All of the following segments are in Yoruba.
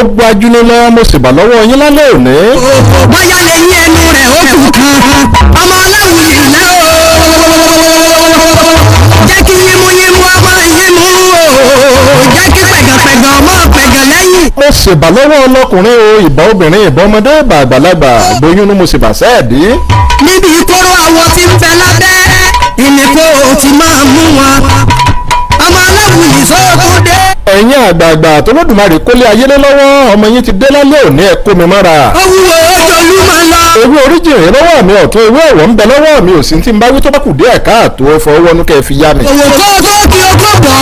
ó bu ajúni lọ mo sì bà lọ́wọ́ yín lálẹ́ òní. bóyá lè yí ẹnu rẹ̀ ó kù kan ọmọ ọlọ́run yìí náà o jẹ́ kí yínmúyínmú ọmọ yínmú o jẹ́ kí pẹ̀gàpẹ̀gà ọmọ pẹ̀gà lẹ́yìn. mo sì bà lọ́wọ́ ọlọ́kùnrin o ìbọn obìnrin ìbọn ọmọdé ìbà àgbàlagbà gboyún ni mo sì bà sẹ́ẹ̀dí. níbi ìkóró àwọn tí ń bẹ lábẹ́ ìnìkó ò ti máa mú wọn ẹ̀yin àgbààgbà tọ́lọ́dùmarè kólé ayélé lọ́wọ́ ọmọ yín ti dé lálẹ́ òní ẹ̀ kó mi mọ́ra. awúwo ọjọ́lú máa la. ewé oríjìnrì lọ́wọ́ mi ọ̀tún ewé ọ̀wọ́ ń bẹ lọ́wọ́ mi òsì ti ń bá wí tó bá kù díẹ̀ káàtó fọwọ́nú kẹ́ fi yá mi. òwò tó tó o kó bọ̀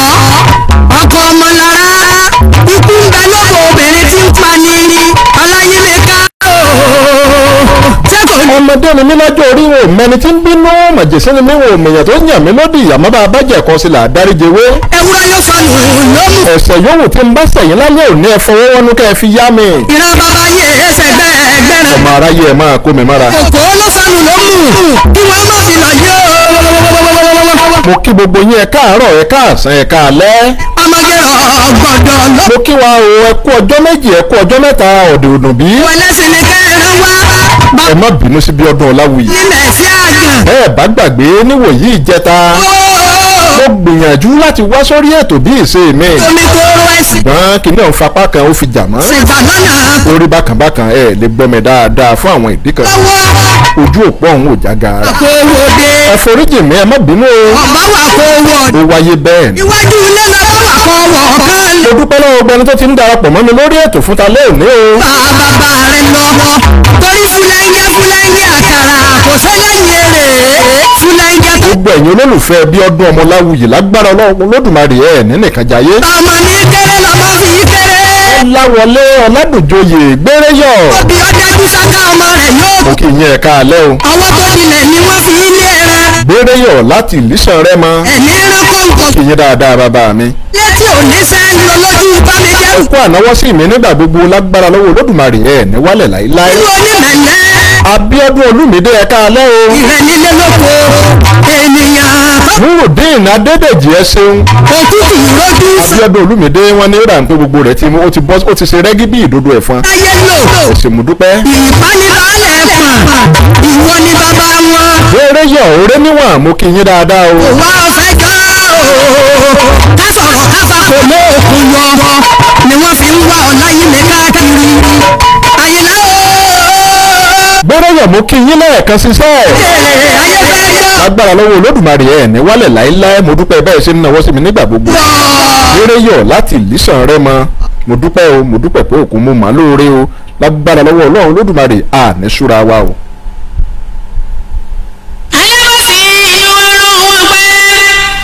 ọkọ ọmọ lára ọmọdé ni mí lọ́jọ́ orí wò mẹni tí ń bínú màjèsí ni mí wò mèyàn tó yàn mí lódì àmọ́ bá a bá jẹ̀kọ́ sí là dáríje wé. ewúrẹ́ yóò sọnù lómù. ẹ̀ṣẹ̀ yòówù tí ń bá sẹ̀yìn lálẹ́ òní ẹ fọwọ́ wọnú kẹ́ ẹ fi yá mi. ìran bàbá yẹ ẹsẹ̀ bẹ́ẹ̀ gbẹ́rẹ́. ọmọ aráyé ẹ máa kó mi mára. kòkó ló sọnù lómù kí wọ́n má fi lọ yó. mo kí gbogbo yín ẹ káàárọ̀ ẹ káàsán ẹ káalẹ́. ọmọgẹrọ ọgbọdọ lọ. mo kí wa o ẹ kú ọjọ́ méjì ẹ kú ọjọ́ mẹ́ta ọ̀dẹ̀ òdùnbí. wọlé sinmi kẹrin wá ẹ má bínú sí bí ọdún ọláwùyí. ilẹ̀ sí àgbà. bẹ́ẹ̀ bá gbàgbé níwòyí ìjẹta. ó mo gbìyànjú láti wá sórí ètò bí ìṣe mi. omi kóró ẹsẹ̀. ṣùgbọ́n kìnìún ọ̀hún fapá kan ó fi jà mọ́. ṣèbàbọ̀nà. orí bákan bákan ẹ lè gbọ́mẹ dáadáa fún àwọn ìdí kan. ọwọ́ ojú òpó ọ̀hún ò já gaara. kò wò dé. ẹ mi ẹ má bínú o. ọ̀bá wà kó wọ̀. ó wáyé bẹ́ẹ̀ ni. iwájú ilé lọ́wọ́ wà kó wọ̀ ọ̀kan. mo dúpẹ́ lọ́wọ́ gbẹni tó ti ń darapọ̀ mọ́ mi lórí ètò fúnta lóòní o. bàbá rẹ lọ́kọ̀ torí fúlẹ́ńgẹ́ fúlẹ́ńgẹ́ àkàrà kò sẹ́lẹ̀ yẹrẹ̀ fúlẹ́ńgẹ́. gbogbo ẹ̀yin olólùfẹ́ bí ọdún ọmọláw láwùyí lágbára ọlọ́run lódùmarè ẹ̀ nínìkan jayé. ọmọ ní kéré lọmọ fi kéré. ọláwọlé ọládùnjoyè gbére yọ. obì ọdẹ abúṣáká ọmọ rẹ yóò. mo kì í yẹn ká alẹ́ o. àwọn tó ni wọ́n fi ilé ẹran. gbére yọ láti ìlísàn rẹ mọ. ẹ̀mí ẹranko nǹkan. kì í yẹn dáadáa bàbá mi. létí òní sẹ́ńdì olójú bá mi jẹ́. ó kó ànáwọ́ sí mi nígbà gbogbo lágbára lọ́wọ́ olódùmarè ẹ̀ ní wálẹ̀ láíláí. ìwọ ni mẹ̀lẹ́. Abíọ́dún Olúmídé ẹ̀ka alẹ́ o. ìrẹ̀lẹ́lẹ́ lóko ènìyàn nurudeen adédèjì ẹ ṣeun. etí kì abiodun olumide wọn ní ráńpẹ́ gbogbo rẹ̀ tí ó ti bọ́ ó ti ṣe rẹ́gí bí ìdodo ẹ̀fọn. ayé lò ó sì mú dúpẹ́. ìpanilọ́lẹ̀ fàn ìwọ ni bàbá wọn. eré yọ òré níwọ̀n mo kí yín dáadáa o. òwò ọ̀fẹ́ gan o ká sọ̀rọ̀ kò mú òkun ni wọ́n fi ń wá ọ̀la yìí mi káàkiri adéyẹ̀mú kí yín lẹ́ẹ̀kan ṣiṣẹ́ lágbára lọ́wọ́ olódùmarè ẹ̀ ní láéláé mo dúpẹ́ bẹ́ẹ̀ ṣe ń náwó sí mi nígbà gbogbo eré yọ̀ láti ìlísàn rẹ mọ mo dúpẹ́ o mo dúpẹ́ pé òkú mo mà lóore o lágbára lọ́wọ́ ọlọ́run olódùmarè à ní ṣúra wa o. ayé ìlú ọ̀rọ̀ wọn pé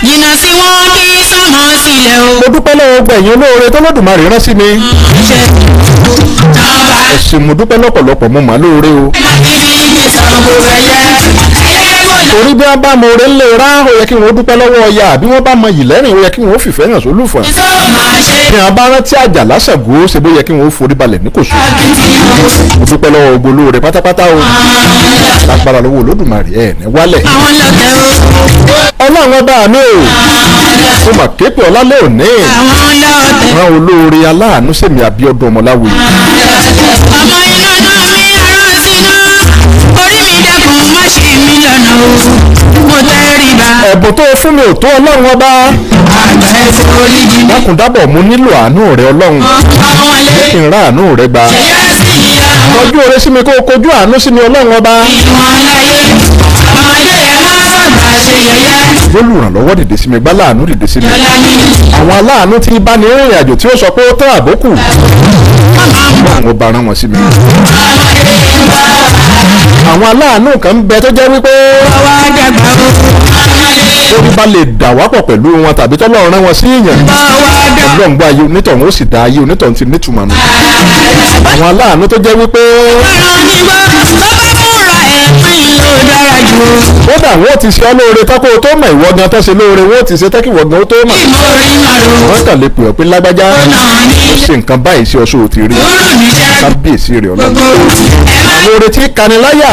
jìnnà sí wọn kí mọ́ sílẹ̀ o. mo dúpẹ́ lọ́wọ́ gbẹ̀yìn olóore tó lọ́dùmarè rán sí mi. ṣe ọba. ẹ̀sìn mo dúpẹ́ lọ́pọ̀lọpọ̀ mo mà lóore o. ẹ má kí ni ìgbésàn gbòòrò ẹ̀yẹ torí bí wọ́n bá mọ oore ńlẹ̀ rá ó yẹ kí wọ́n dúpẹ́ lọ́wọ́ ọya bí wọ́n bá mọ ìlẹ́rìn ó yẹ kí wọ́n fìfẹ́ hàn sólùfọ̀n. bí wọ́n bá rántí àjàlá Ṣàngó ṣe bó yẹ kí wọ́n forí balẹ̀ ní kòsó. mo dúpẹ́ lọ́wọ́ ogbó olóore pátápátá o lágbára lọ́wọ́ Olódùmarè ẹ̀ ní wálẹ̀. ọlọ́run ọba mi o mo mà képe ọlá lé òní ràn olóore aláàánú sèmi àbí ọdún ọmọláwo yìí. ọmọ inú ọ̀nà òfin mo tẹ́ríba. ẹ̀bùn tó fún mi ò tó ọlọ́run ọba. àgbà mo nílò àánú rẹ ọlọ́run. ọmọ ilé àánú rẹ gbà. kọjú oore sí mi kó o kojú àánú sí mi ọlọ́run ọba. ìwọ̀n láyé ọmọdé dìde sí mi gbá láàánú dìde sí mi àwọn aláàánú tí bá ní rìnrìn àjò tí ó sọ pé ó tẹ́ àbókù àwọn ọba ara wọn sí mi àwọn aláàánú kan ń bẹ tó jẹ́ wípé. ọwọ́ àdàgbà o. orí bá lè dà wá pọ̀ pẹ̀lú wọn tàbí tọ́lọ́run rán wọn sí èèyàn. ọlọ́run gba ayé onítọ̀hún ó sì dá ayé onítọ̀hún ti nítumọ̀ nù. àwọn aláàánú tó jẹ́ wípé. kódà wọn ò ti ṣe ọ́ lóore tako tó mọ̀ ìwọ gan tó ṣe lóore wọn ò ti ṣe tẹ́kì wọ̀gán ó tó mọ̀. wọ́n kàn lè pè ọ́ pé lágbájá ó ṣe nǹkan báyìí sí ọ sóò ti rí kábíyèsí rẹ̀ ọlọ́run oore tí kaniláyà.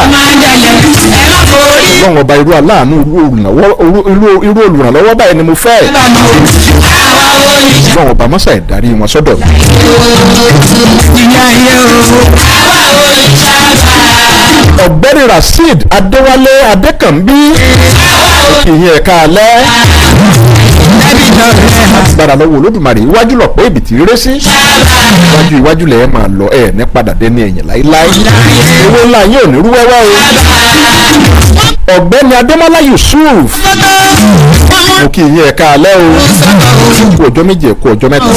ọlọ́run ọba irú aláàánú irú olùrànlọ́wọ́ báyìí ni mo fẹ́. ọlọ́run ọba mọ́sà ìdarí wọn sọ́dọ̀ mi. ìyá ayé o àwa òrìṣà ọ̀gbẹ́ni rasheed adéwálé adékànbí ìyẹn ẹ̀ka alẹ́ agbára lọ́wọ́ olódùmarè iwájú lọ̀pọ̀ ibi tí rere sí iwájú iwájú lẹ̀ ẹ́ máa lọ ẹ̀ ní padà dé ní ẹ̀yìn láíláí owó ńlá yín ò ní rú wẹ́wẹ́ o ọ̀gbẹ́ni adémọ́lá yusuf mo kí yín ẹ̀ka alẹ́ o kú ọjọ́ méje kú ọjọ́ mẹ́ta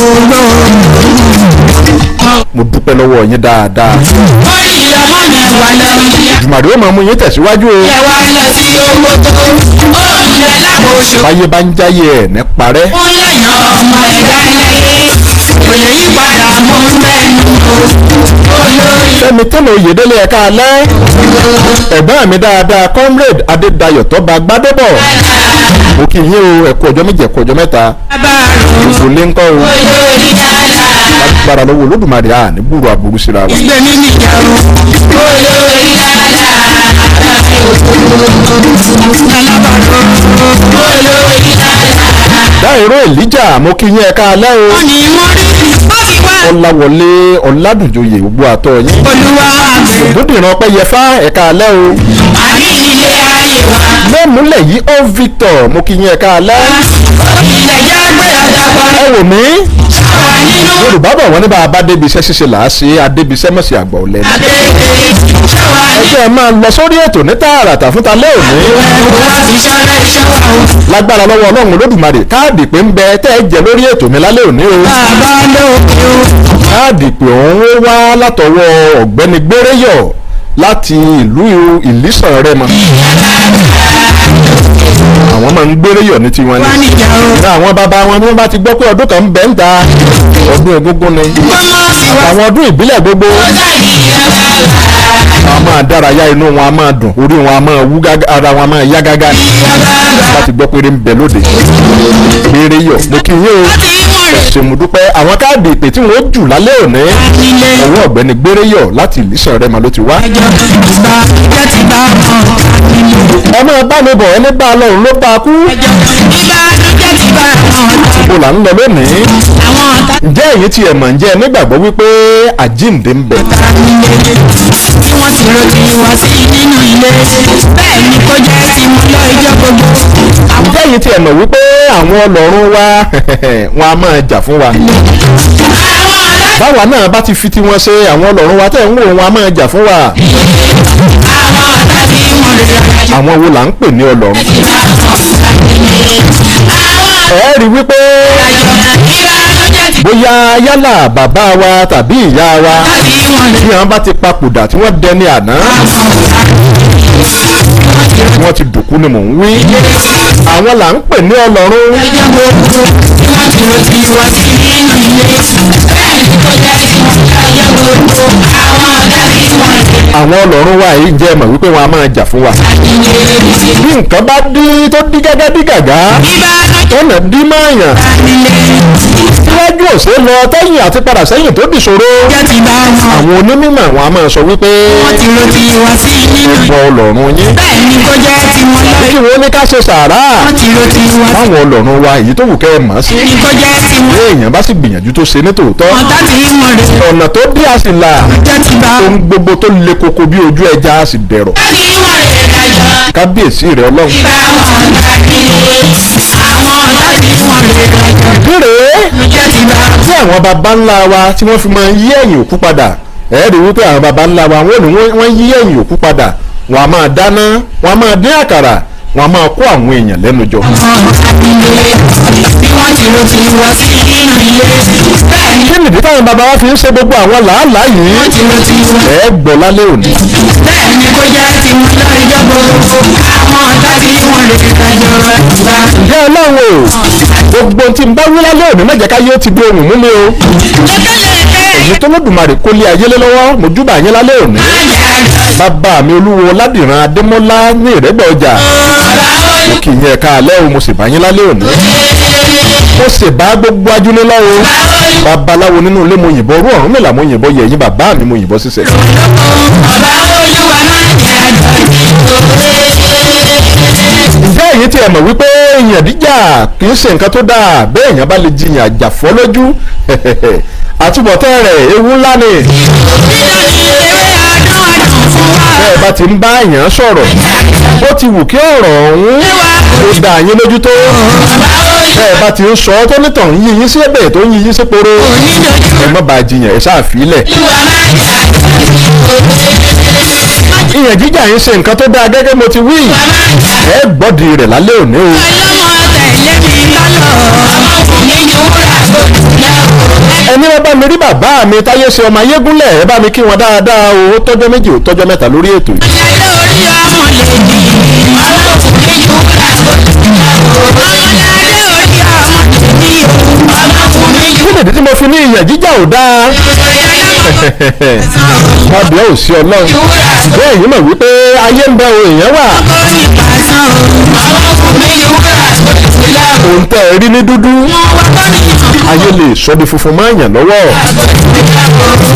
mo dúpẹ́ lọ́wọ́ yín dáadáa. bọ́ọ̀lì ìyàmọ́ mi wà lọ́wọ́. jùmọ̀dé ó máa mú yín tẹ̀síwájú o. yẹ wá lọ sí owó tó oúnjẹ lábòóṣe. báyé bá ń jáyé ẹ̀ ní parẹ́. ó lẹ́yìn ọmọ ẹ̀dá ẹlẹ́yẹ kò lè yí padà mú fẹ́mi tẹ́lẹ̀ oyèdélé ẹ̀ka alẹ́. ẹ̀gbọ́n mi dáadáa comrade adédayọ̀ tọ́ba gbádébọ̀. mo kì í yín o ẹ̀kọ́ ọjọ́ méje ẹ̀kọ́ ọjọ́ mẹ́ta. bàbá àrùn olórí dáadáa agbára lọ́wọ́ olódùmarè à ní gbúrò aburú síra wa. ìgbẹ́ mi ní ìyàrá olórí dáadáa àti òṣèlú olórí dáadáa. mo kí yín ẹ káalẹ́ o. wọ́n ní wọ́n rí yín. olúwa àgbẹ̀. ògúndìrán ẹ̀ka alẹ́ o. àní yìí ó Victor mo kì í yín ẹ̀ka alẹ́. ilẹ̀ wò mí yorùbá bọ̀ wọ́n ní bá a bá ṣíṣe là á mọ̀sí àgbà ò lẹ́nu. ẹgbẹ́ máa lọ sórí ètò ní tààràtà fúnta lẹ́ẹ̀mí. lágbára lọ́wọ́ ọlọ́run olódùmarè káàdì pé ń bẹ tẹ́ ẹ jẹ lórí ètò mi lálẹ́ òní o. káàdì pé òun wá látọwọ́ ọ̀gbẹ́ni gbéréyọ̀ láti ìlú ìlísàn rẹ̀ mọ́ àwọn máa ń gbére yọ̀ ní tiwọn ni àwọn bàbá wọn bí wọ́n bá ti gbọ́ pé ọdún kan ń bẹ ń ta ọdún egúngún ni àwọn ọdún ìbílẹ̀ gbogbo àwọn máa dárayá inú wọn a máa dùn orí wọn a máa wú ara wọn a máa yá gágá ni láti gbọ́ pé ń bẹ lóde péré yọ̀ mo kì í yé o ṣe dúpẹ́ àwọn káàdì ìpè tí wọ́n jù lálẹ́ òní ọwọ́ ọ̀gbẹ́ni gbéréyọ̀ láti ìlísàn rẹ̀ mà ló ti wá. ẹ máa bá mi bọ̀ ẹni bá a lọ́run ló bá a kú. ibo là ń lọ lónìí. ǹjẹ́ èyí tí ẹ̀ mọ̀ ǹjẹ́ nígbàgbọ́ wípé àjíǹde ń bẹ wọ́n sì ròjì ìwà sí nínú ilé bẹ́ẹ̀ ni kò jẹ́ tiwọn lọ ìjọ gbogbo. àbẹ́yìn tí ẹ mọ̀ wípé àwọn ọlọ́run wa wọn a máa jà fún wa báwa náà bá ti fi tiwọn ṣe àwọn ọlọ́run wa tẹ̀ ń wò wọn a máa jà fún wa. àwọn wo là ń pè ní ọlọ́run. ẹ rí wípé. àjọ̀dá kíra bóyá yálà bàbá wa tàbí ìyá wa tí wọ́n bá ti papòdà tí wọ́n dẹni àná wọ́n ti dùkú ni mò ń wí àwọn là ń pè ní ọlọ́run. bẹ́ẹ̀ kò jẹ́ ìmọ̀ta yẹ̀wò àwọn ọ̀gá mi àwọn ọlọ́run wa yìí jẹ́ mọ̀ wípé wọn a máa jà fún wa. bí nǹkan bá dí tó dí gẹ́gẹ́ bí gàgá tọ́nà dí máyà síwájú òsè lọ tẹ́yìn àti padà sẹ́yìn tó di ṣòro. àwọn onímọ̀ àwọn a máa sọ wípé. wọ́n ti ro ti wá sí nínú. ọ̀pọ̀ ọlọ́run yín. bẹ́ẹ̀ ni kó jẹ́ tiwọn lọ. kí wọ́n ní ká ṣe sàárà. wọ́n ti ro ti wá báwọn ọlọ́run wa èyí tó wù kẹ́ ẹ mọ̀ sí. ní kó jẹ́ tiwọn. èèyàn bá sì gbìyànjú tó ṣe nítòótọ́. ọ̀tá ti ń mọ̀ rẹ̀. ọ̀nà tó bí a sì ti bá. ohun gbogbo tó le k kókó bí ojú ẹja á sì dẹ̀rọ̀. kábíyèsí rẹ ọlọ́run. ìbéèrè tí àwọn baba ńlá wa tí wọ́n fi máa ń yí ẹ̀yìn òkú padà ẹ̀ẹ́dì wípé àwọn baba ńlá wa wọ́n ní wọ́n yí ẹ̀yìn òkú padà wọ́n á máa dáná wọ́n á máa dín àkàrà wọn a máa kó àwọn èèyàn lẹ́nu jọ. kí nìdí táwọn bàbá wa fi ń ṣe gbogbo àwọn làálàá yìí ẹ gbọ́ lálẹ́ òní. bẹ́ẹ̀ ni kó jẹ́ tiwọn lórí jọ́bọ̀ àwọn ọ̀tá tí wọ́n lè fi kájọ rẹ̀ gbà. ǹjẹ́ ọlọ́run o gbogbo tí n bá wí lálẹ́ òní mẹ́jẹ̀ká yóò ti di ohun mú mi o. ọ̀kẹ́lẹ̀ èyí tó lọ́dùmarè kó lé ayélé lọ́wọ́ mojúbà yín lálẹ́ òní. bàbá mi olúwo ládìran adémọ́lá ní ìrẹ́gbẹ̀ ọjà mo kì í yẹn ká alẹ́ o mo sì bá yín lálẹ́ òní. mo sì bá gbogbo ajúlé lọ́wọ́ babaláwo nínú ilé mo yìnbọn orú ọ̀run mìlá mo yìnbọn yẹ̀yìn bàbá mi mo yìnbọn sísẹ̀. ọba olúwa máa ń mọ̀ wípé èèyàn jíjà kì í ṣe nǹkan tó dáa bẹ́ẹ̀ èèyàn bá lè jiyàn àjàfọ́ lójú àtúbọ̀tán rẹ̀ ewu ńlá ni. bẹ́ẹ̀ bá ti ń bá èèyàn sọ̀rọ̀ bó ti wù kí ọ̀rọ̀ ọ̀hún ó dá yín lójú tó bẹ́ẹ̀ bá ti ń sọ ọ́ tó nítàn ń yíyín sí ẹ̀bẹ̀ tó ń yíyín sí poro ẹ má bàa jiyàn ẹ ṣáà fílẹ̀. jíjà yín ṣe nǹkan tó dáa gẹ́gẹ́ mo ti wí ẹ gbọ́dì rẹ̀ lálẹ́ òní o. ọlọ́mọ tẹ̀lé mi lọ́lọ́ ọmọ òkú mi ni wọ́n ẹni wọn bá mi rí bàbá mi táyé ṣe ọmọ ayégúnlẹ̀ ẹ bá mi kí wọn dáadáa o ó tọ́jọ́ méjì ó tọ́jọ́ mẹ́ta lórí ètò yìí. àṣàlẹ̀ orí ọmọ lè dì ọlọ́run ní tó ti ká o. ọlọ́ládé orí ọmọ lè dì ọlọ́run ní tí mo fi ní ìyàn jíjà ò dáa. bàbá ò sí ọlọ́run bẹ́ẹ̀ yìí mọ̀ wípé ayé ń bẹ o èèyàn wà. ohun rí ní dúdú ayé lè sọ di funfun máa yàn lọ́wọ́ kò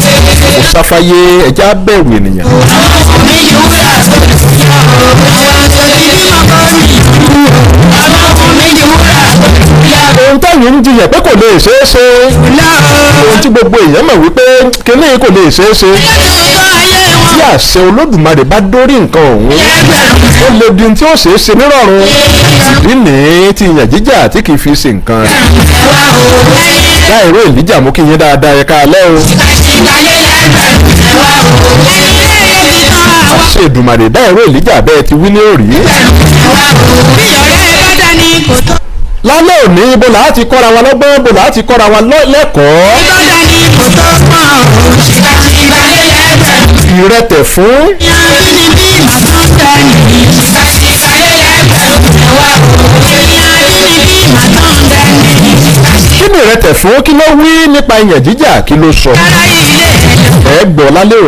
sáfáyé ẹja bẹ̀rù ènìyàn. ọmọ mi yóò rà sọ́dọ̀ fún yàrá ọ̀rọ̀ àwọn àjọ ìdílé màmá rí i ohun táyìn ń jiyàn pé kò lè ṣeé ṣe ohun tí gbogbo èèyàn mọ̀ wípé kinní kò lè ṣeé ṣe tí àṣẹ olódùmarè bá dórí nǹkan ọ̀hún ó lè di tí ó ṣeé ṣe nírọ̀rùn ìdí nìyí ti ìyàn jíjà tí kì í fi ṣe nǹkan rẹ̀ láìró ìlíjà mú kí yín dáadáa ẹ̀ka alẹ́ o ṣe Èdùmàrè dá ẹ̀rọ ìlíjà bẹ́ẹ̀ ti wí ní òrí. bí ọ̀rẹ́ ẹ bá dání kò tó lálẹ́ òní ibo làá kọ́ra wa lọ́gbọ́n ibo làá kọ́ra wa lẹ́kọ̀ọ́. ìtọ́jà ni kò tó pọ̀ òṣìkà ìgbàlẹ̀ lẹ́gbẹ̀ẹ́. ìrẹtẹ̀ fún. ìyàrin ni bí ìmàtọ́ tẹ̀ ní ìṣìkà ìgbàlẹ̀ lẹ́gbẹ̀ẹ́ òkùnrin wa o. ìyàrin ni bí ìmàtọ́ tẹ̀ ní ìṣìkà. kí ni ìrẹtẹ̀ fún kí ló wí nípa ìyàn jíjà kí ló sọ. ara ilé ẹ̀ gbọ́ lálẹ́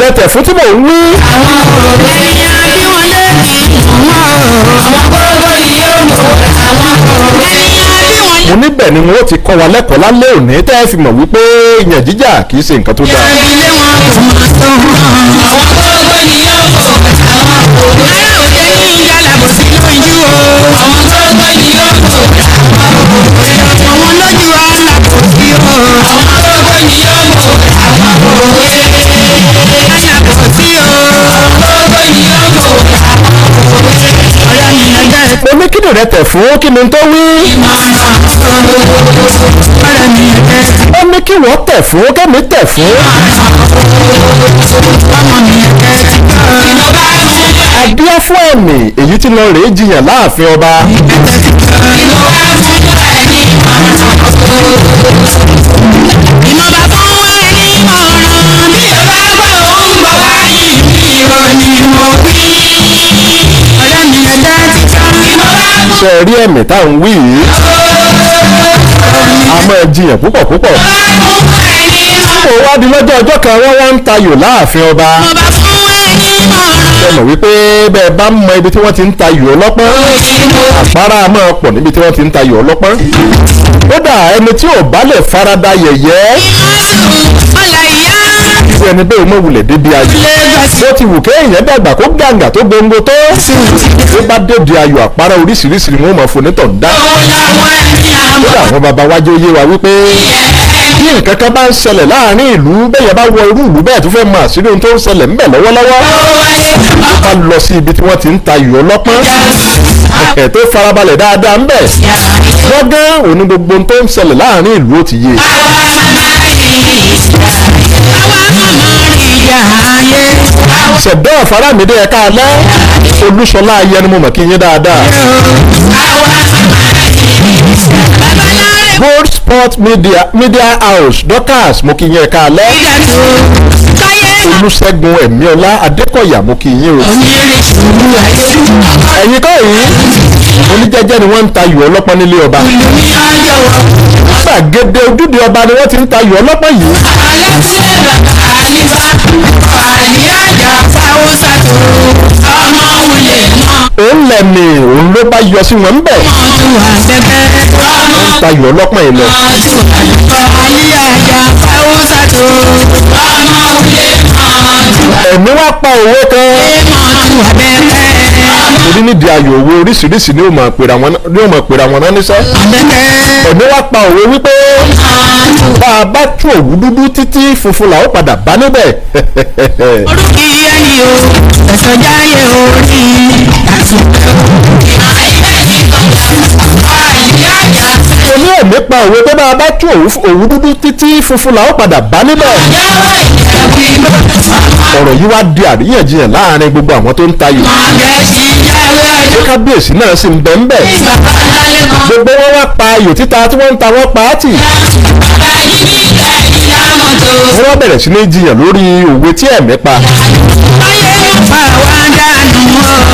rẹ tẹ̀ fún tí mò ń wí. àwọn òròlé yan bí wọ́n lé ní ìmọ̀ àwọn kórógbó yìí yóò mú àwọn òròlé yan bí wọ́n lé. mo níbẹ̀ ni wọ́n ti kọ́ wa lẹ́kọ̀ọ́ lálẹ́ òní tẹ́ ẹ fi mọ̀ wípé ìyàn jíjà kì í ṣe nǹkan tó dáa. ìyá ilé wọn kò máa tó hàn àwọn kórógbó yìí yóò mú àwọn òròlé yan bí wọ́n lé ní ìyá làbòsí lóyún o àwọn kórógbó ẹsẹ̀ fún kí ni tó wí. ó ní kí wọ́n tẹ̀ fún kẹ́mi tẹ̀ fún. àbíá fún ẹ̀mí èyí tí lọ rèé jiyàn láàfin ọba. ìmọ̀ba fún wa ní ọ̀ràn bí ọba gbọ́ òun bọ̀ wá yìí mi ìrọ̀ ni ṣe rí ẹ̀mí tá à ń wí yìí a máa jiyàn púpọ̀ púpọ̀ ó wá di lọ́jọ́ ọjọ́ kan wọ́n wá ń tayò láàfin ọba ẹ mọ̀ wípé bẹ́ẹ̀ bá mọ ibi tí wọ́n ti ń tayò ọlọ́pọ́n àpárá máa pọ̀ níbi tí wọ́n ti ń tayò ọlọ́pọ́n kódà ẹni tí ò bá lè farada yẹ̀yẹ́ sí ẹni pé òun mọ̀wulẹ̀ débi ayọ̀ bó ti wù kéèyàn dàgbà kó gàǹgà tó gbòǹgbò tó ló bá débi ayọ̀ àpárá oríṣiríṣi ni wọ́n mọ̀ fonítọ̀ dá. kódà àwọn baba wájú yé wa wípé bí nǹkan kan bá ń ṣẹlẹ̀ láàrin ìlú bẹ́ẹ̀ bá wọ irú ìlú bẹ́ẹ̀ tó fẹ́ mọ àṣírí ohun tó ń ṣẹlẹ̀ ńbẹ̀ lọ́wọ́lọ́wọ́ ká lọ sí ibi tí wọ́n ti ń ta ìyọ́ lọ́pọ́n ẹ̀ tó farabalẹ̀ dáadáa ńbẹ̀ lọ́gán òní gbogbo ohun tó ń ṣẹlẹ̀ láàrin ìlú ó ti yé ṣẹ̀dọ́ ọ̀faramide ẹ̀ka alẹ́ olúṣọlá ayẹnumọ̀mọ̀ kí n yín dáadáa. gold sport media media house dorcas mo kí yín ẹ̀ka alẹ́. olùṣègùn ẹ̀míọ́lá adékọ̀yà mo kí yín o. ẹ̀yin kọ́ oníjẹ́jẹ́ ni wọ́n ń ta yọ̀ ọlọ́pọ́n nílé ọba. gbàgede ojúde ọba ni wọ́n ti ń ta yọ̀ ọlọ́pọ́n yìí. alẹ́ tí ẹ̀ bàbá àlífà àlíyájà sáwó sàtò ọmọ wulẹ̀ náà. òun lẹ̀mí òun ló bá yọ sí wọn bẹ̀. ọmọ tó àṣẹbẹ́ ọmọ ta yọ̀ ọlọ́pọ́n yìí lọ. ọmọ àlíyájà sáwó sàtò ọmọ wulẹ̀ náà. ẹ̀mí wá pa òwe kan. ọmọ tó àṣẹbẹ́ torí nídìí ayò owó oríṣiríṣi ni ó mọ̀ pèrà wọn ni ó mọ̀ pèrà náà níṣẹ́. ọ̀ní wá pa òwe wípé bá a bá tú òwú dúdú títí funfun là padà bá níbẹ̀. orúkì yẹn o ẹ̀sọ́ jáyé orí àtúntò. ayé ẹ̀mí pa òwe pé bá a bá tú òwú dúdú títí funfun la ó padà bá níbẹ̀. ọ̀rọ̀ yìí wá di àríyànjiyàn láàrin gbogbo àwọn tó ń tayò. ṣé kábíyèsí náà sì ń bẹ̀ ń bẹ̀. gbogbo wọn wá pa ayò títa tí wọ́n ń ta wọ́n pa á tì. wọ́n wá bẹ̀rẹ̀ sí ní jiyàn lórí òwe tí ẹ̀mí pa. ayé ń pa wá dànù mọ́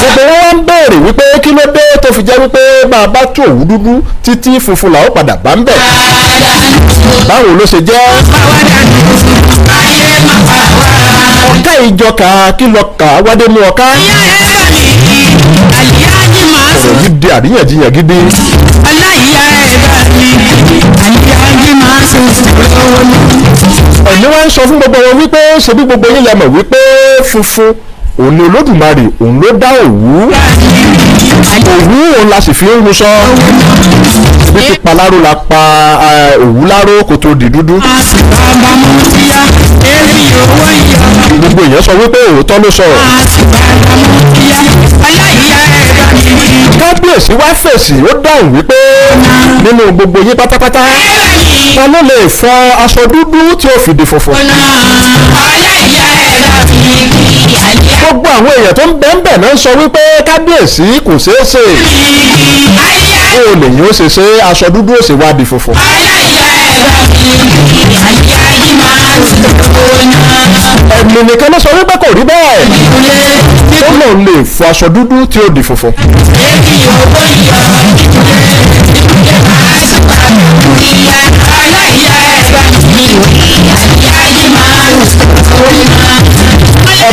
gbogbo wọn wá ń béèrè wípé kí ló dé tó fi jẹ́ wípé máa bá tó òwú dúdú títí funfun làwọn padà bá ń bẹ̀. báwo ló ṣe jẹ́. ọ̀ká ìjọka kí lọ kà á wádé mú ọ̀ká. ọ̀rọ̀ yìí di àríyànjiyàn gidi. aláìyá ẹ̀ bá mi àríyànjiyàn máa ń sùn sí ọ̀rọ̀ wọn. ẹ̀mí wá ń sọ fún gbogbo wọn wípé ṣebí gbogbo yín lẹ mọ̀ wípé funfun òun ni olódùmarè òun ló dá òwú òwú òun la sì fi ń wúsọ bí ti paláró la pa eh, òwú láró kó tó di dúdú. gbogbo èèyàn sọ wípé òótọ́ ló sọ. kábíyèsí wá fèsì ó dáhùn wípé nínú gbogbo yín pátápátá wọn ló lè fọ aṣọ dúdú tí ó fìdí funfun. ọ̀nà gbogbo àwọn èèyàn tó ń bẹ̀ ń bẹ̀ náà sọ wípé kábíyèsí kò ṣeé ṣe ó lè yín ó ṣe ṣe aṣọ dúdú ó ṣe wá di funfun. ẹ̀mí nìkan ló sọ wípé kò rí bẹ́ẹ̀ ó lòun lè fọ aṣọ dúdú tí ó di funfun. èmi ò bóyá ìdílé ìdílé máa ń sọ àbúrò ìyá ọlọ́run.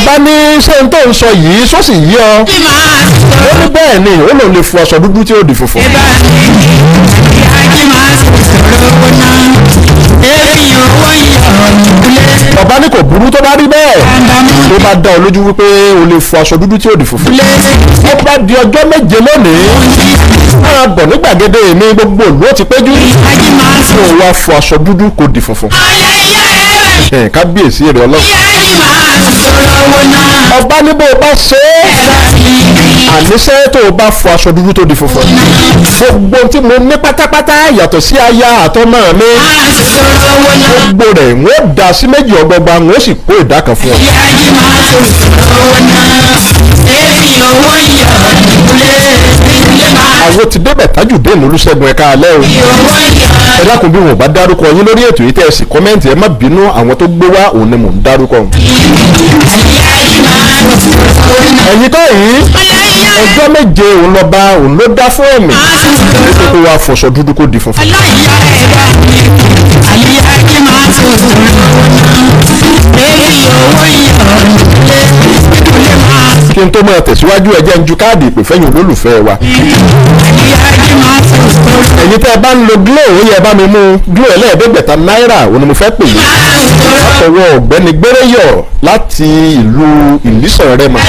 bá ní ṣé n tó ń sọ yìí sọ sì yí ọ. ó ní bẹ́ẹ̀ ni ó lòun lè fọ aṣọ dúdú tí ó di funfun. ìbá mi ni ìyájí máa sọ̀rọ̀ owó náà èmi owó yọ̀ nílé. bàbá ní kò burú tó bá rí bẹ́ẹ̀ ló bá dá ọ lójú wípé o lè fọ aṣọ dúdú tí ó di funfun. ó bá di ọjọ́ méje lónìí máa bọ̀ ní gbàgede mi gbogbo ìlú ti péjú. ìyájí máa sọ̀rọ̀ owó afọ aṣọ dúdú kò di funfun. ayẹyẹ kábíyèsí rẹ ọlọ́run. ọba ní bó o bá ṣe é àníṣe tó o bá fọ aṣọ dúdú tó di funfun gbogbo tí mo ní pátápátá yàtọ̀ sí aya àtọ́mọ́ mi gbogbo rẹ̀ n ó dà sí méjì ọgbọgba n ó sì kó ìdá kan fún ọ. èyí máa ń sọ̀rọ̀ náà àwo ti débẹ̀ Tajudeen Olúṣẹ́gun ẹ̀ka alẹ́ o ẹ dákun bí wọn bá dárúkọ yín lórí ètò yìí tẹ́ ẹ sì kọ́mẹ́ǹtì ẹ má bínú àwọn tó gbé wá òun ni mò ń dárúkọ. ẹ̀yin tó yìí ọjọ́ méje òun lọ bá òun ló dá fún ẹ̀mí ètò tó wà fọ̀ṣọ dúdú kó di funfun. Èyí owó yọ̀ ọ́ lé kí n tó máa tẹ̀síwájú ẹ jẹ́ n ju káàdì ìpè fẹ́yìn olólùfẹ́ wa. ẹ̀yin tẹ́ ẹ bá ń lo glo ó yẹ bá mi mú glo ẹlẹ́ẹ̀ẹ́dẹ́gbẹ̀ta náírà òun ni mo fẹ́ pè yín. látọwọ́ ọ̀gbẹ́ni gbéréyọ̀ láti ìlú ìlísọ̀rẹ́mà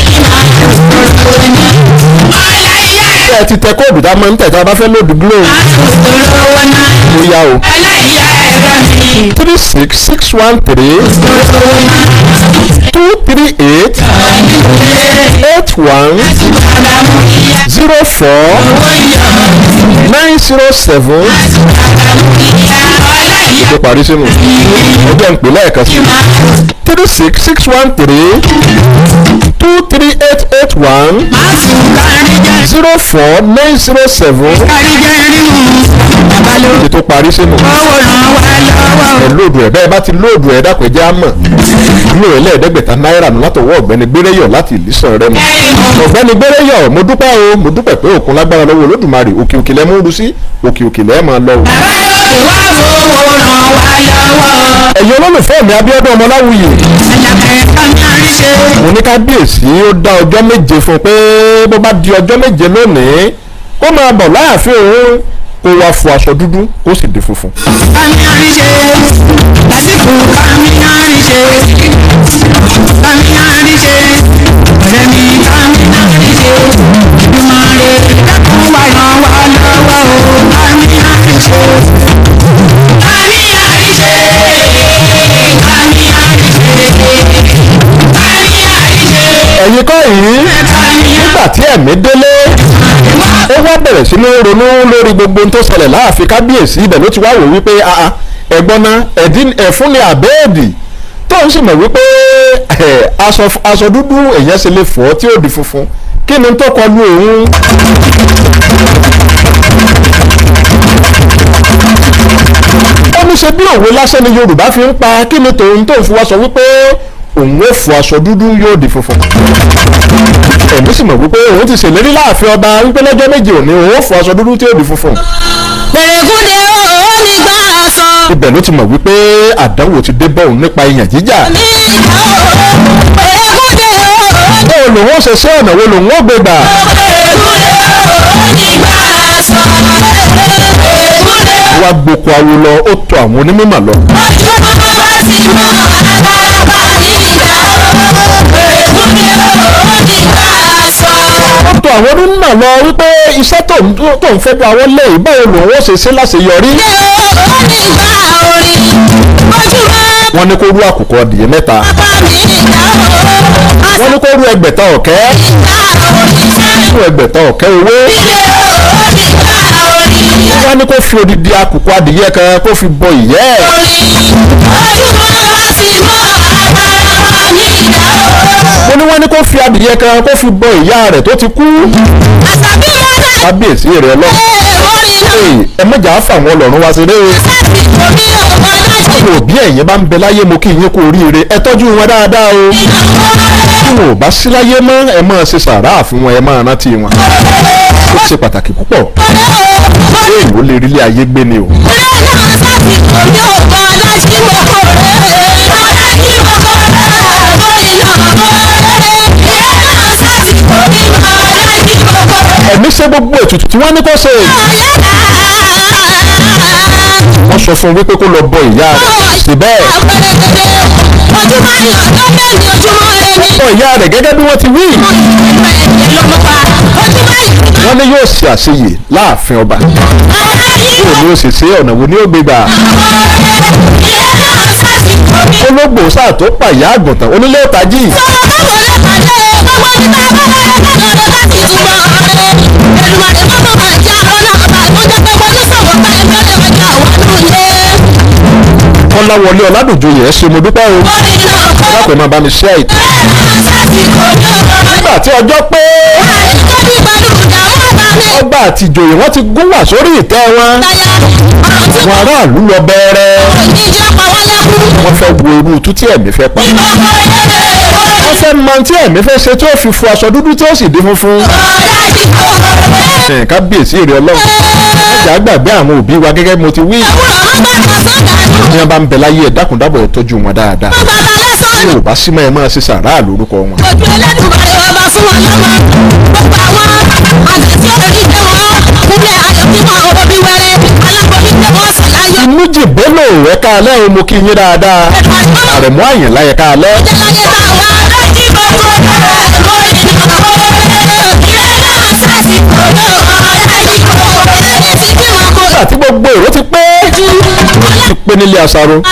ẹ ti tẹ kóòdù tá a máa ń tẹ̀ tá a bá fẹ́ lòdù glo. mo yá o three six six one three two three eight eight one zero four nine zero seven ìdó parí sínú ẹgbẹ́ ń pè lẹ́ẹ̀kan sí three six six one three two three eight eight one zero four nine zero seven ìdó parí sínú lóòdù rẹ̀ bẹ́ẹ̀ bá ti lóòdù rẹ̀ dákun ẹjẹ́ mọ̀ ìlú rẹ̀ lẹ́ẹ̀ẹ́dẹ́gbẹ̀ta náírà nù látọwọ́ ọ̀gbẹ́ni gbéréyọ̀ láti ìlísàn rẹ̀ mu ọ̀gbẹ́ni gbéréyọ̀ mo dúpẹ́ o mo dúpẹ́ pé òkun lágbára lọ́wọ́ olódùmarè òkè òkè lẹ́ rú sí òkè òkè lẹ́ máa ẹ̀yin olólùfẹ́ mi Abíọ́dún Ọmọláwuyì mo ní kábíyèsí ó dá ọjọ́ méje fún pé bó bá di ọjọ́ méje lónìí kó máa bọ̀ láàfin òun ó wá fọ aṣọ dúdú ó sì di funfun. bámi àríṣe lásìkò bámi àríṣe bámi àríṣe ọ̀rẹ́ mi bámi ìgbìmọ̀ rẹ̀ dákun wá ràn lọ́wọ́ o bámi àríṣe. ẹ̀yin kọ́ yìí nígbà tí ẹ̀mí délé ó wá bẹ̀rẹ̀ sí ní ronú lórí gbogbo tó ṣẹlẹ̀ láàfin kábíyèsí ibẹ̀ ló ti wá wò wípé ẹ̀gbọ́n náà ẹ̀fún ni àbẹ́ẹ̀dì tóun sì mọ̀ wípé aṣọ dúdú èèyàn ṣe lè fọ́ tí ó di funfun kí ni tó kọlu òun. ó ní ṣe bí òwe lásán ni Yorùbá fi ń pa kí ni tòun tóun fi wá sọ wípé òun ó fọ aṣọ dúdú yóò di funfun ẹ̀mí sì mọ̀ wípé òun ti ṣèlérí láàfin ọba wípé lọ́jọ́ méje òní òun ó fọ aṣọ dúdú tí yóò di funfun. pèrèkúndé ó ní gbà sọ. ibẹ̀ ló ti mọ̀ wípé àdánwò ti dé bọ́ òun nípa ìyàn jíjà. mi ìyá ó. lòun ó ṣe ọ̀nà wo lòun ó gbé pèrèkúndé ó ní gbà sọ. pèrèkúndé. wá gboko awo lọ ó tọ àwọn onímọ̀ lọ. ọjọ́ bá ti mọ̀ àwọn onímọ̀ lọ wípé iṣẹ́ tó ń fẹ́ bá wọn lé ìbáwo lòun ó ṣe ṣe láṣeyọrí. ṣé o ò ní bá orin ojú wa. wọ́n ní kó rú àkùkọ adìyẹ mẹ́ta. bàbá mi ìjà o. wọ́n ní kó rú ẹgbẹ̀ta ọ̀kẹ́. ìjà orin fẹ́. rú ẹgbẹ̀ta ọ̀kẹ́ owó. ṣé o ò ní bá orin. wọ́n ní kó fi odidi àkùkọ adìyẹ kan kó fi bọ ìyẹ́. orin ojú wa. kó fi adìyẹ kan kó fi bọ ìyá rẹ̀ tó ti kú. àṣàbí ìyá rẹ̀. kábíyèsí rẹ̀ lọ. ẹ mọ̀jà fáwọn ọlọ́run wá ṣeré. àṣàbí omi ọ̀pọ̀ láti. àwọn òbí ẹ̀yin bá ń bẹ láyé mo kí yín kú oríire ẹ tọ́jú wọn dáadáa o. bí wọn ò bá sí láyé mọ́ ẹ máa ṣe sàrà fún wọn ẹ máa rántí wọn. ó ṣe pàtàkì púpọ̀. bẹ́ẹ̀ ló lè rí ilé ayé gbé ni o. bẹ́ẹ̀ náà sásìkò ní ọ̀pọ̀ láti mọ̀ ọ̀rẹ́ ṣe gbogbo ètùtù tí wọ́n ní kó ṣe. wọ́n sọ fún un wípé kó lọ bọ ìyá rẹ̀ sí bẹ́ẹ̀. ojúmọ́ ìyá tó bẹ́ẹ̀ ni ojúmọ́ rẹ̀ ni. bọ ìyá rẹ̀ gẹ́gẹ́ bí wọ́n ti wí. wọ́n ní yóò ṣe àṣeyè láàfin ọba. bó ni ó sì ṣe ọ̀nà wo ni ó gbé gbà. ológbò sáà tó pàyà àgùntàn onílé ìtají. sọ̀rọ̀ báwo lè pàdé ọgbọ́n ìta bá wà lẹ́nu rẹ̀. kọ́láwọlé ọ̀làdòjòyè ẹ̀ ṣe mo dúpẹ́ o dápẹ́ máa bá mi ṣe àìtó. nígbà tí ọjọ́ pé ọba àtìjòyè wọ́n ti gún wà sórí ìtẹ́ wọn àwọn aráàlú lọ bẹ̀rẹ̀ wọ́n fẹ́ wo irú tú tí ẹ̀mí fẹ́ pa wọ́n fẹ́ mọ tí ẹ̀mí fẹ́ ṣe tí ó fi fọ aṣọ dúdú tí ó sì di funfun. kábíyèsí rẹ ọlọ́run ajá gbàgbé àwọn òbí wa gẹ́gẹ́ mo ti wí. ní wọn ń bẹ láyé ẹ dákúndábọ̀ ẹ wọn dáadáa. bí o bá sí mọ́ ẹ máa ṣe lórúkọ wọn. ojú ẹlẹ́dùnmọ̀ rẹ̀ ọba fún wọn lọ́wọ́ gbogbo àwọn àgbẹ̀ tí ó rí jẹ́ wọn kúnlẹ̀ ayọ̀ ọ̀rọ̀ bí wẹ́rẹ́ alábọ̀mí jẹ́ wọn sàláyọ̀. inú jìbẹ́lò ẹ̀ka alẹ́ o mo kí yín dáadáa pé nílé àṣàrò.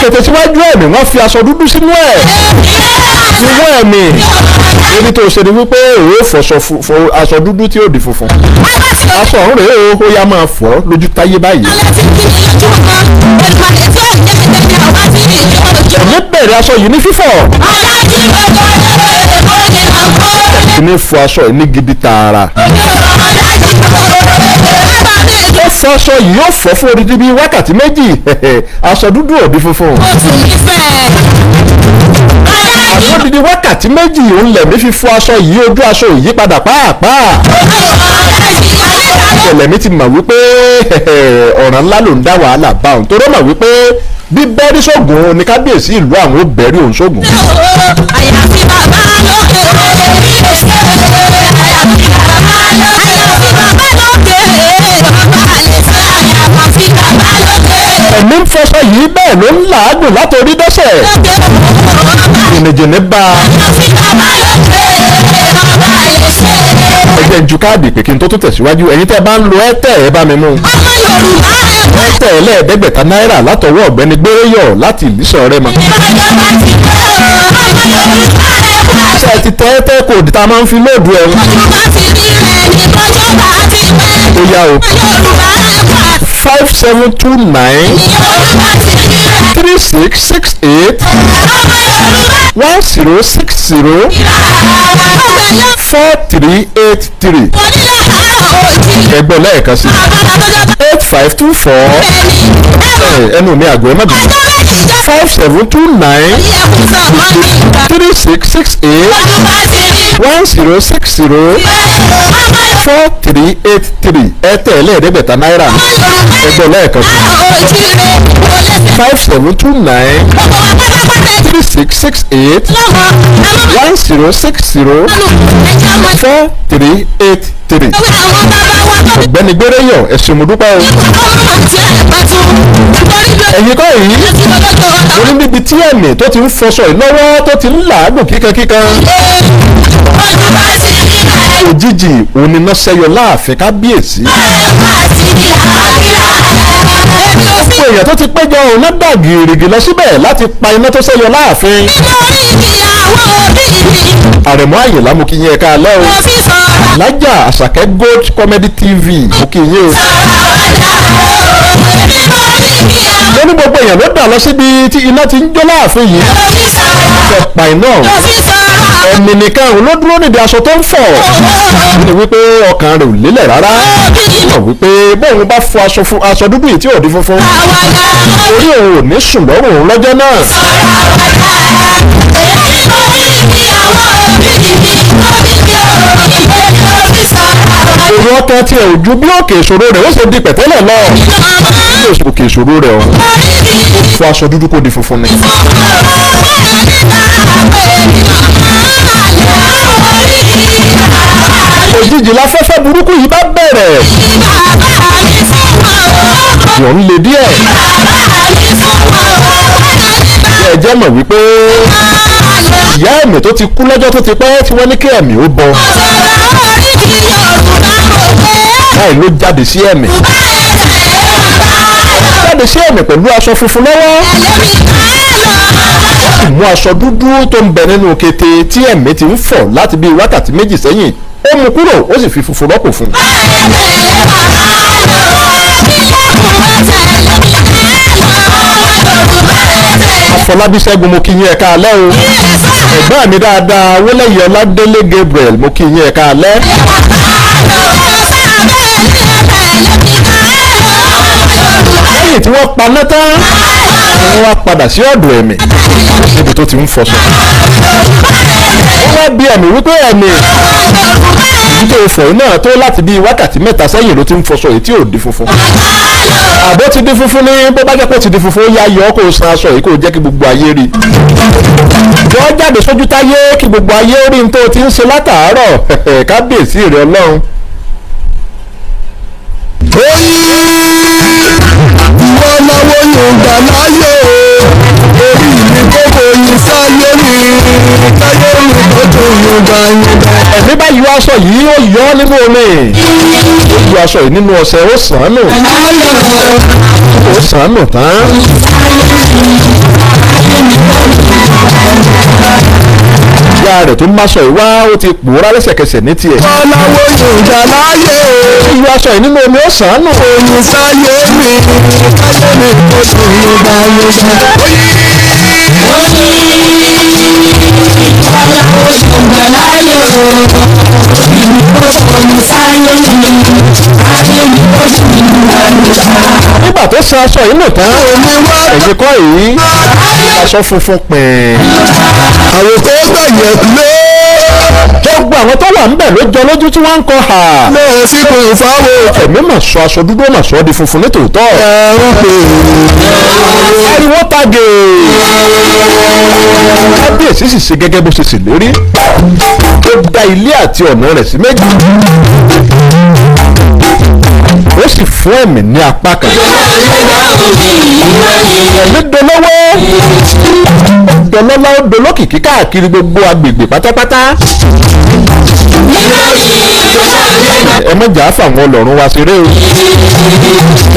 kété síwájú ẹ̀mí wọ́n fi aṣọ dúdú sínú ẹ̀ sínú ẹ̀mí níbi tó ṣe ni wípé òwe fọṣọ fọ aṣọ dúdú tí ó di funfun aṣọ ọ̀hún rèé o ó yá máa fọ́ lójú táyé báyìí. ẹ̀mí bẹ̀rẹ̀ aṣọ yìí ní fífọ̀. ọ̀la ti gbogbo ẹ̀rọ ìròyìn àkọ́ kíní fọ aṣọ yìí ní gidi tààrà. ó fọ aṣọ yìí yóò fọ fún odidi bíi wákàtí méjì aṣọ dúdú òbí funfun. ó tún nífẹ̀ẹ́. àṣọ odidi wákàtí méjì òun lẹ̀mí fi fọ aṣọ yìí ojú aṣọ yìí padà pàápàá. ìṣẹ̀lẹ̀ mi ti mọ̀ wípé ọ̀ràn ńlá ló ń dá wàhálà bá òun tó rọ́ mọ̀ wípé bí bẹ́rí sógun ni kábíyèsí ìlú àwọn ó bẹ́rí òun sógun. àyàfi bàbá lókè èyí lè ṣe àyàfi bàbá lókè àyàfi bàbá lókè bàbá lè fẹ́ àyàfi bàbá lókè. ẹ̀mí ń fọṣọ yìí bẹ́ẹ̀ ló ń làágùn látòrí dẹ́sẹ̀. jìnnìjìnnì bá a. àyàfi bàbá lókè jẹ́ ju káàdì pé kí n tó tún tẹ̀síwájú ẹ̀yin tẹ́ bá ń lo airtel ẹ bá mi mú. ọmọ yorùbá náírà látọwọ́ ọ̀gbẹ́ni gbéréyọ̀ láti ìlísọ̀ rẹ mọ́. ìjọba ti gbé ọmọ yorùbá rẹ wá. máa ń fi lóòdù ẹ̀. ó yá o. five seven two nine. three six six eight one zero six zero four three eight three ẹgbẹ́ lẹ́ẹ̀kan sí eight five two four ẹnu mi àgọ́ ẹ má bìí five seven two nine three six six eight one zero six zero four three eight three airtel ẹ̀ẹ́dẹ́gbẹ̀ta náírà ẹgbẹ́ lẹ́ẹ̀kan five seven two nine three six six eight one zero six zero four three eight three. ọ̀gbẹ́ni gbéréyọ̀ ẹ̀sùn mọ̀dúpá o. ẹ̀yin kọ́ yìí orí níbi tí ẹ̀mí tó ti ń fọṣọ ìlọ́wọ́ tó ti ń làágùn kíkankíkan òjijì òun iná ṣẹyọ láàfin kábíyèsí. gbogbo èèyàn tó ti péjọ òun náà dà gìrìgì lọ síbẹ̀ láti pa iná tó ṣẹyọ láàfin. àrẹ̀mọ àyìnlá mo kí yín ẹ̀ka alẹ́ o. lájà àṣàkẹ́ gold comedy tv mo kí yín o ó ní gbogbo èèyàn ló dà lọ síbi tí iná ti ń jó láàfin yìí. ọ̀pá iná ẹ̀mí nìkan òun ló dúró níbi aṣọ tó ń fọ̀ ó ní wípé ọkàn rẹ̀ ò lélẹ̀ rárá ó mọ̀ wípé bóun bá fọ aṣọ fún aṣọ dúdú yìí tí ò di funfun orí òun ò ní sùn lọ́rùn òun lọ́jọ́ náà. èrò ọkàn tiẹ̀ ò ju bí òkè ìṣòro rẹ̀ ó ṣe di pẹ̀tẹ́lẹ̀ lọ sí òkè ìṣòro rẹ̀ o fọ aṣọ dúdú kò di funfun ni. òjijì láfẹ́fẹ́ burúkú yìí bá bẹ̀rẹ̀. yọ̀ ń le díẹ̀. ẹ jẹ́ mọ̀ wípé ìyá ẹ̀mí tó ti kú lọ́jọ́ tó ti pẹ́ tí wọ́n ní kí ẹ̀mí ó bọ. báyìí ló jáde sí ẹ̀mí jáde sí ọ̀nà pẹ̀lú aṣọ funfun lọ́wọ́. ẹlẹ́mi ká mú aṣọ dúdú tó ń bẹ nínú kété tí ẹ̀mí ti ń fọ̀ láti bíi wákàtí méjì sẹ́yìn ó mú kúrò ó sì fi funfun rọ́pò fún un. Afọlábí Ṣẹ́gun mo kí yín ẹ̀ka alẹ́ o ẹ̀gbọ́n mi dáadáa Wọléyìí Ọládélé Gabriel mo kí yín ẹ̀ka alẹ́. lẹ́yìn tí wọ́n paná tán wọ́n wá padà sí ọ̀dọ̀ ẹ̀mí níbi tó ti ń fọṣọ. wọ́n wá bí ẹ̀mí wípé ẹ̀mí ìdíje ìfọ̀ náà tó láti bíi wákàtí mẹ́ta sẹ́yìn ló ti ń fọṣọ èyí tí ò di funfun. àbó ti di funfun ní bó bá jẹ́ pé ó ti di funfun ó yá yọ kó o san aṣọ yìí kó o jẹ́ kí gbogbo ayé rí i. wọ́n jáde sójú táyé kí gbogbo ayé rí n tó ti ń ṣe látàárọ̀ kábíyèsí rẹ̀ ọlọ́run. ó yí tó ń gbà láyé orí mi kókò yìí sáyé mi káyé mi tó tó yọgbà yọgbà. ẹ̀mí báyìí wá aṣọ yìí ó yọ ọ́ nínú omi ó ju aṣọ yìí nínú ọ̀sẹ̀ ó sàn án nù ó sàn án nù tán ìyá rẹ̀ tó má sọ ìwá ó ti pòórá lẹ́sẹ̀kẹsẹ̀ ní tiẹ̀. ọ̀làwọ̀ yorùbá láyé ìyá aṣọ yìí nínú omi ó sàánù. òyìn sáyé mi káyé mi kò sùn yóò bá yóò bá ó nígbà tó san aṣọ yìí nù tán ẹ̀jẹ̀ kọ́ yìí aṣọ funfun pẹ̀ẹ́. àwòkọ́ gbàgbé ló gbogbo àwọn tó wà ńbẹ̀ ló jọ lójú tí wọ́n ń kọ ha. lóò sí kò fáwọn. ẹ̀mí mà sọ aṣọ dúdú mà sọ di funfun nítòótọ́. ẹ̀rọ pè é. ẹni wọ́n tagè. kábíyèsí sì ṣe gẹ́gẹ́ bó ṣe ṣèlérí. ó da ilé àti ọ̀nà rẹ̀ sí méjì ó sì fún ẹ̀mí ní apá kan. ẹ̀mí dolówó dọlọ́lá ó dolókìkí káàkiri gbogbo agbègbè pátápátá. ẹ mọ̀ jà á fàwọn ọlọ́run wa ṣeré o.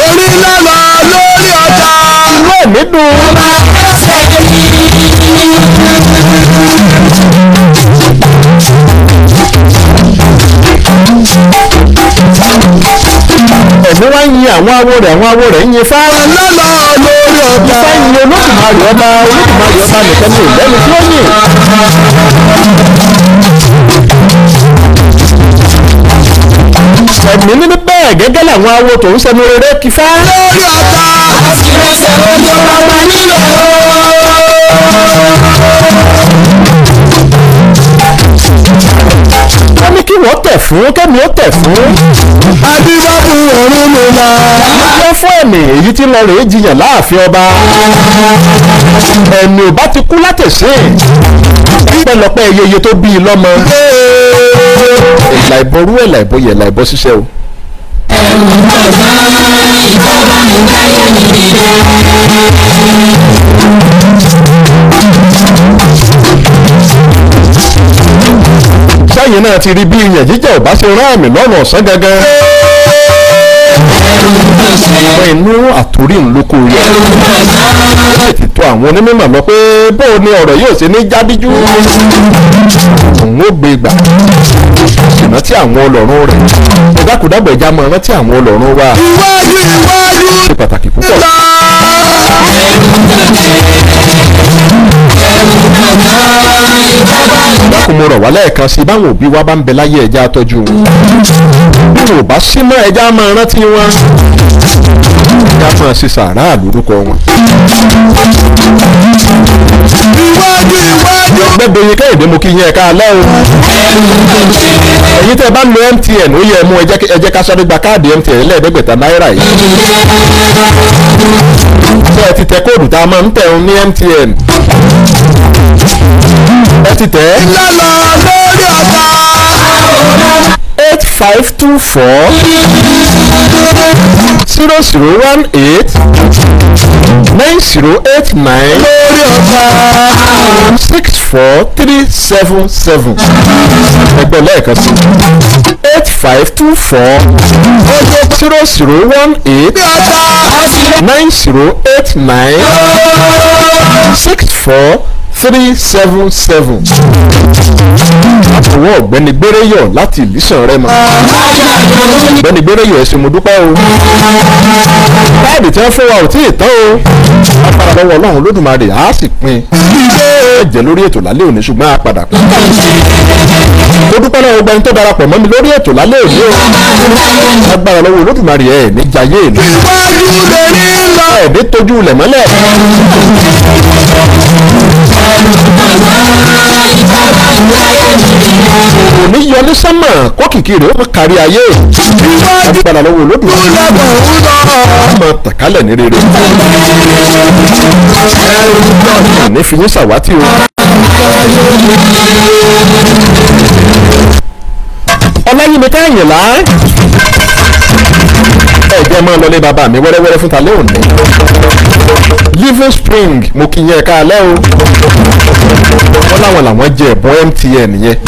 orí lọ́lọ́ lórí ọjà. inú ẹ̀mí dùn. ẹ̀mí wá ń yin àwọn awo rẹ̀ àwọn awo rẹ̀ ń yin fáwọn lọ́lọ́ ọba ìfẹ́yìn olódùmarè ọba olódùmarè ọba nìkan ní ìlẹ́nu tí ó ní. ẹ̀mí nínú bẹ́ẹ̀ gẹ́gẹ́ làwọn awo tòun sẹ́nu rere kí fá. lórí ọba àtìlẹsẹ̀ ojú ọba nílò. kéwọ́ tẹ̀ fún kémi ó tẹ̀ fún. adébábù ọ̀run mi la. lọ fún ẹ̀mí èyí tí lọ rèé jiyàn láàfin ọba. ẹ̀mí ò bá ti kú látẹ̀sẹ̀. pẹ̀lọpẹ̀ yeye tó bí i lọ́mọ. ẹ̀là ìbọn rú ẹ̀là ìbọn yẹ̀là ṣiṣẹ́ o. ẹ̀rù ń bọ̀ sán ìjọba ìdáyẹ̀ nìyẹn. sẹ́yìn náà ti rí bí ìyẹn jíjẹ ò bá ṣe rán àmì lọ́nà ọ̀sán gangan. ọ̀pọ̀ inú àtòrí ń yẹ. ètò àwọn onímọ̀ lọ pé bó o ọ̀rọ̀ yóò ṣe ní jábíjú. òun ó gbà ìrántí àwọn ọlọ́run rẹ̀ ìdákùdágbọ̀ ìjà máa rántí àwọn ọlọ́run wa. ìwádìí ìwádìí. ó ṣe pàtàkì púpọ̀ dákun mo rọ̀ wá sí báwọn òbí wa bá ń bẹ láyé ẹja tọ́jú wọn bí wọn ò bá sí mọ́ ẹja máa rántí wọn ẹja máa ṣe sàárà lórúkọ wọn. iwájú iwájú. ẹgbẹ́ bẹ̀yìn kẹ́hìndé mo kí yẹn ká alẹ́ o. ẹ̀yin tẹ́ ẹ bá lo MTN ó yẹ mú ẹ ká sáré gba káàdì MTN lẹ́ẹ̀ẹ́dẹ́gbẹ̀ta náírà yìí. bẹ́ẹ̀ ti tẹ kóòdù tá a máa ń tẹ̀ ní MTN ẹ ti tẹ̀. ìlànà lórí ọ̀tá. eight five two four zero zero one eight nine zero eight nine six four three seven seven ẹgbẹ́ lẹ́ẹ̀kan sí eight five two four zero zero one eight nine zero eight nine six four three seven seven. àtọwọ́ ọ̀gbẹ́ni gbéréyọ̀ láti ìlísàn rẹ̀ mọ́. ọ̀gbẹ́ni gbéréyọ̀ ẹ̀sìn mo dúpẹ́ o. káàdì tí wọ́n fún wa ò tí ì tán o. àpàràbọ̀wọ̀ ọlọ́run olódùmarè á sì pin. ẹ̀jẹ̀ lórí ètò lálẹ́ òní ṣùgbọ́n a padà pín. mo dúpẹ́ lọ́wọ́ gbẹ́ni tó darapọ̀ mọ́ mi lórí ètò lálẹ́ òní o. agbára lọ́wọ́ olódùmarè ẹ̀ ní jayé mi. wájú òní yọlé sánmà kókìkì rẹ̀ ó máa kárí ayé agbára lọ́wọ́ olódùmarè ó máa tàkálẹ̀ ní rere ní fi yín ṣàwátì o. ọláyími káyìnlá ẹ̀jẹ̀ máa lọlé bàbá mi wẹ́rẹ́wẹ́rẹ́ fún ta lónìí. living spring mo kì í yẹ ká alẹ́ o. wọ́n láwọn làwọn jẹ ẹ̀bùn MTN yẹn.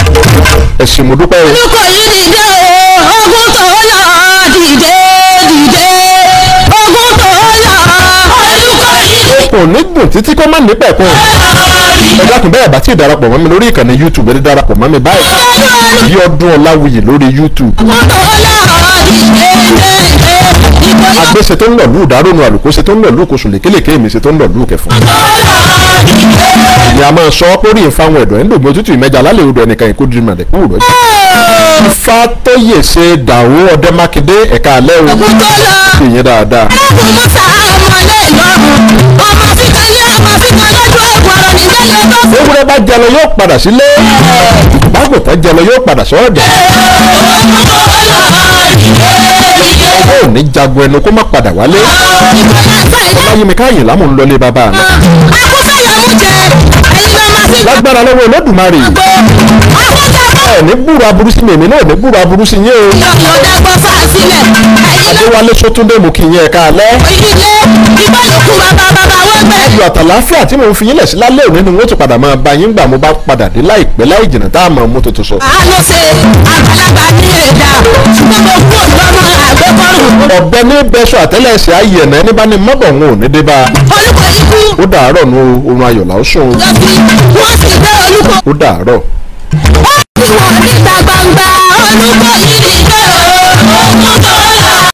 ẹ̀sìn mo dúpẹ́ olùkọ́ yìí nìjẹ́ o ogún tó kò ní gùn títí kó má nípẹ̀kun ẹ dákun bẹ́ẹ̀ bá tí darapọ̀ mọ́ mi lórí ìkànnì YouTube ẹ darapọ̀ mọ́ mi báyìí bí ọdún ọláwuyì lórí YouTube. agbèsè tó ń lọ̀lú ìdárónú àlùkòsè tó ń lọ̀lú kòsùn lékelèké èmi ṣe tó ń lọ̀lú kẹfọ́. ìyá máa sọ ọ́ pórí ìfáwọn ẹ̀dọ̀ ẹ̀ ń tútù ìmẹ́jà lálẹ́ odò ẹnìkan ìkó dìrìmọ̀ rẹ̀ kúrò lọ́jọ́. Ifátóyèsè Dàwó Ọdẹ Mákindé ẹ̀ka alẹ́ o. ìyẹn dáadáa ewúrẹ́ bá jẹlọ yóò padà sílé bákòtà jẹlọ yóò padà sọ́ọ̀dẹ̀. ọwọ́ ò jagun ẹnu kó má padà wálé. ọláyẹmí káyìn lámò ń lọlé bàbá mi. lágbára lọ́wọ́ olódùmarè ẹ̀ ní búrú aburú sí mi náà ò ní búrú aburú sí yín o. ọ̀nà dágbọ́ fà sílẹ̀ adéwálé sọtúndé mo kì í yẹn ìdílé ìgbà ló bàbá bàbá wọ́n gbẹ. ayọ̀ àtàláfíà tí mo fi yín lẹ̀ sí lálẹ́ òní ni wọ́n ti padà máa bá yín gbà mo bá padà dé láìpẹ́ láì jìnnà tá a mọ̀ mo tuntun sọ. àánú ṣe àgbàlagbà ní èrèdà ṣùgbọ́n mo kú lọ́nà àgbẹ̀kọ́rù ìwọ̀n níta gbangba olúborí nìjọ́.